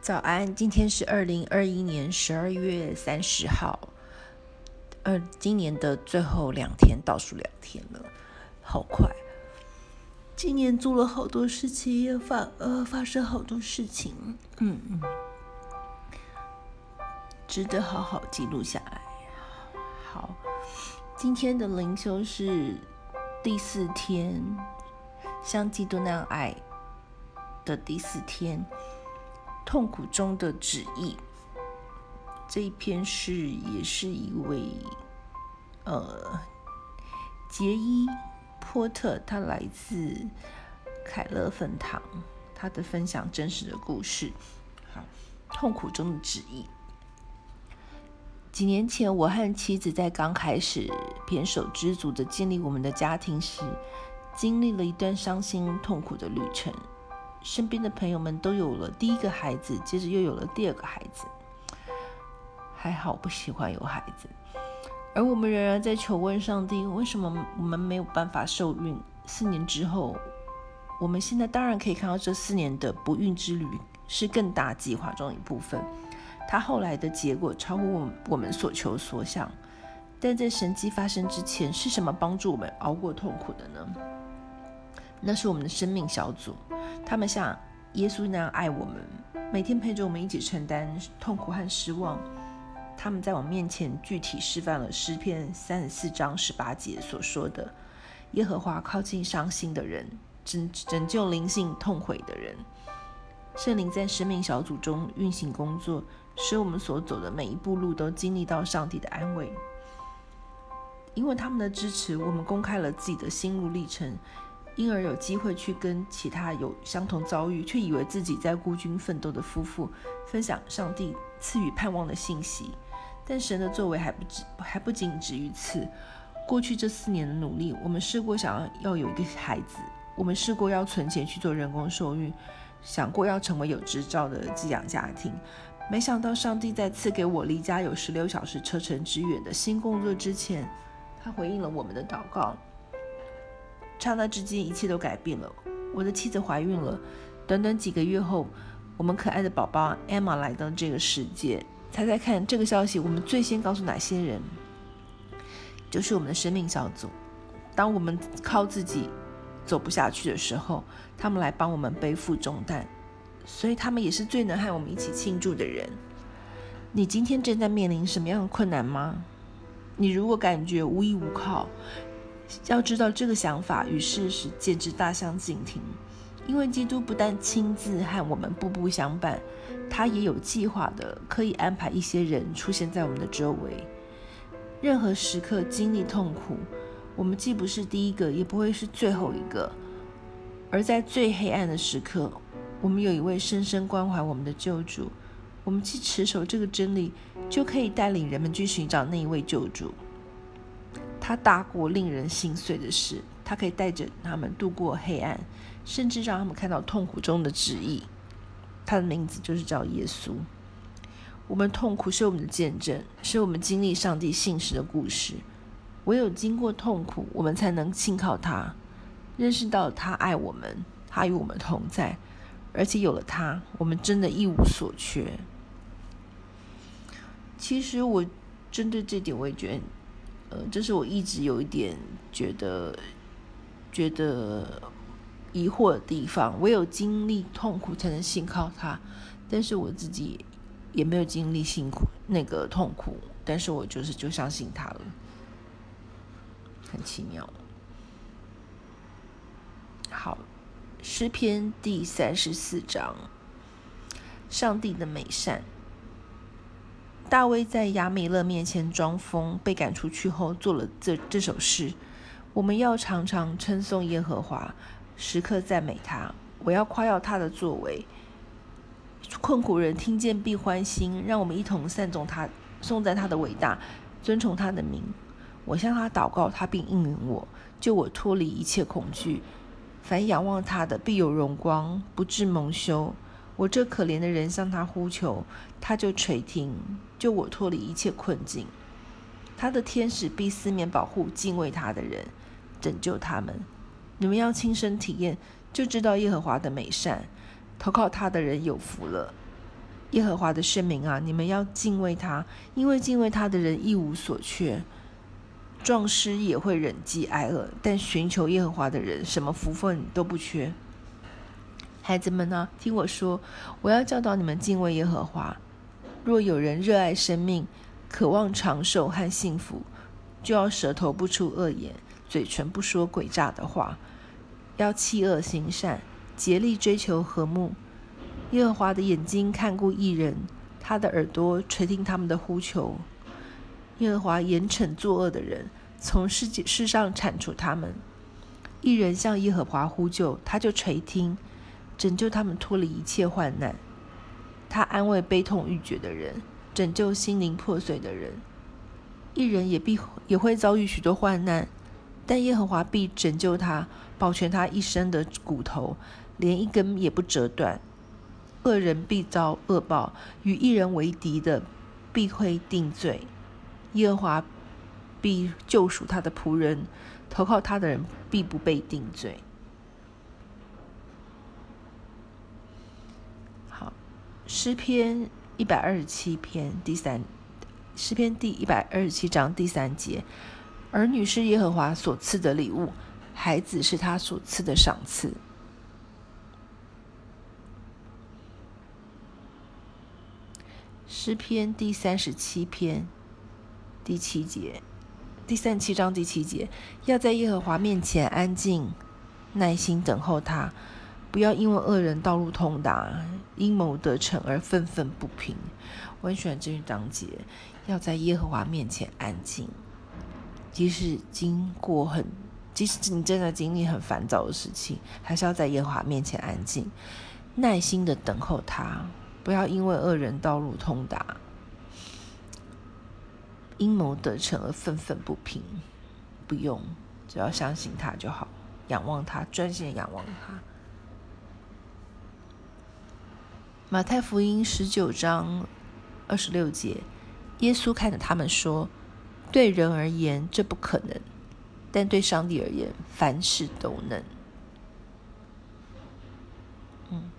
早安，今天是二零二一年十二月三十號，呃，今年的最後兩天，倒數兩天了，好快。今年做了好多事情，也發呃發生好多事情，嗯嗯，值得好好記錄下來。好，今天的靈修是第四天，像基督那樣愛的第四天。痛苦中的旨意這一篇是也是一位，呃，傑伊·波特，他來自凱勒分堂，他的分享真實的故事。好，痛苦中的旨意。幾年前，我和妻子在剛開始胼手胝足地建立我們的家庭時，經歷了一段傷心痛苦的旅程。身邊的朋友們都有了第一個孩子，接着又有了第二個孩子。還好不喜歡有孩子，而我們仍然在求問上帝：為什麼我們沒有辦法受孕？四年之後，我們現在當然可以看到這四年的不孕之旅是更大的計劃中一部分。它後來的結果超乎我我們所求所想，但在神蹟發生之前，是什麼幫助我們熬過痛苦的呢？那是我們的生命小組。他們像耶穌那樣愛我們，每天陪着我們一起承擔痛苦和失望。他們在我們面前具體示範了詩篇三十四章十八節所說的：“耶和華靠近傷心的人，拯拯救靈性痛悔的人。”聖靈在生命小組中運行工作，使我們所走的每一步路都經歷到上帝的安慰。因為他們的支持，我們公開了自己的心路歷程。因而有機會去跟其他有相同遭遇，卻以為自己在孤軍奮鬥的夫婦，分享上帝賜予盼望的信息。但神的作為還不止，還不僅止於此。過去這四年的努力，我們試過想要要有一個孩子，我們試過要存錢去做人工受孕，想過要成為有執照的寄養家庭。沒想到上帝在賜給我離家有十六小時車程之遠的新工作之前，他回應了我們的禱告。剎那之間，一切都改變了。我的妻子懷孕了，短短幾個月後，我們可愛的寶寶艾瑪來到這個世界。猜猜看，這個消息我們最先告訴哪些人？就是我們的生命小組。當我們靠自己走不下去的時候，他們來幫我們背負重擔，所以他們也是最能和我們一起慶祝的人。你今天正在面臨什麼樣的困難嗎？你如果感覺無依無靠，要知道，這個想法與事實簡直大相徑庭。因為基督不但親自和我們步步相伴，他也有計劃地，可以安排一些人出現在我們的周圍。任何時刻經歷痛苦，我們既不是第一個，也不會是最後一個。而在最黑暗的時刻，我們有一位深深關懷我們的救主。我們既持守這個真理，就可以帶領人們去尋找那一位救主。他大過令人心碎的事，他可以帶着他們度過黑暗，甚至讓他們看到痛苦中的旨意。他的名字就是叫耶穌。我們痛苦是我們的見證，是我們經歷上帝信實的故事。唯有經過痛苦，我們才能信靠他，認識到他愛我們，他與我們同在，而且有了他，我們真的一無所缺。其實，我針對這點，我也覺得。呃，這是我一直有一點覺得覺得疑惑的地方。唯有經歷痛苦才能信靠他，但是我自己也沒有經歷辛苦那個痛苦，但是我就是就相信他了，很奇妙。好，詩篇第三十四章，上帝的美善。大衛在亞米勒面前裝瘋，被趕出去後，做了這這首詩。我們要常常稱頌耶和華，時刻讚美他。我要誇耀他的作為，困苦人聽見必歡心。讓我們一同讚頌他，頌讚他的偉大，尊崇他的名。我向他禱告，他並應允我，救我脫離一切恐懼。凡仰望他的必有榮光，不致蒙羞。我這可憐的人向他呼求，他就垂聽，救我脫離一切困境。他的天使必四面保護敬畏他的人，拯救他們。你們要親身體驗，就知道耶和華的美善。投靠他的人有福了。耶和華的聖民啊，你們要敬畏他，因為敬畏他的人一無所缺。壯士也會忍飢挨餓，但尋求耶和華的人，什麼福分都不缺。孩子們呢？聽我說，我要教導你們敬畏耶和華。若有人熱愛生命，渴望長壽和幸福，就要舌頭不出惡言，嘴唇不說詭詐的話，要棄惡行善，竭力追求和睦。耶和華的眼睛看顧義人，他的耳朵垂聽他們的呼求。耶和華嚴懲作惡的人，從世界世上鏟除他們。義人向耶和華呼救，他就垂聽。拯救他們脫離一切患難。他安慰悲痛欲絕的人，拯救心靈破碎的人。義人也必也會遭遇許多患難，但耶和華必拯救他，保全他一身的骨頭，連一根也不折斷。惡人必遭惡報，與義人為敵的必會定罪。耶和華必救贖他的僕人，投靠他的人必不被定罪。詩篇一百二十七篇第三，詩篇第一百二十七章第三節，兒女是耶和華所賜的禮物，孩子是他所賜的賞賜。詩篇第三十七篇第七節，第三十七章第七節，要在耶和華面前安靜，耐心等候他。不要因為惡人道路通達、陰謀得逞而憤憤不平。我很喜歡這一章節，要在耶和華面前安靜。即使經過很，即使你正在經歷很煩躁的事情，還是要在耶和華面前安靜，耐心地等候他。不要因為惡人道路通達、陰謀得逞而憤憤不平。不用，只要相信他就好。仰望他，專心仰望他。馬太福音十九章二十六節，耶穌看着他們說：“對人而言，這不可能；但對上帝而言，凡事都能。”嗯，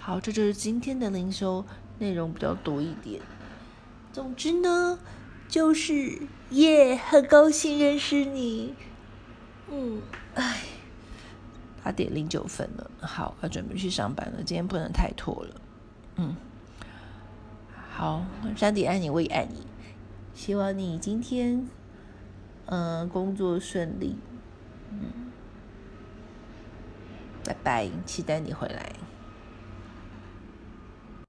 好，這就是今天的靈修內容，比較多一點。總之呢，就是耶，yeah, 很高興認識你。嗯，哎。八點零九分了，好，要準備去上班了，今天不能太拖了。嗯，好，珊迪愛你，我也愛你，希望你今天，嗯、呃，工作順利。嗯，拜拜，期待你回來。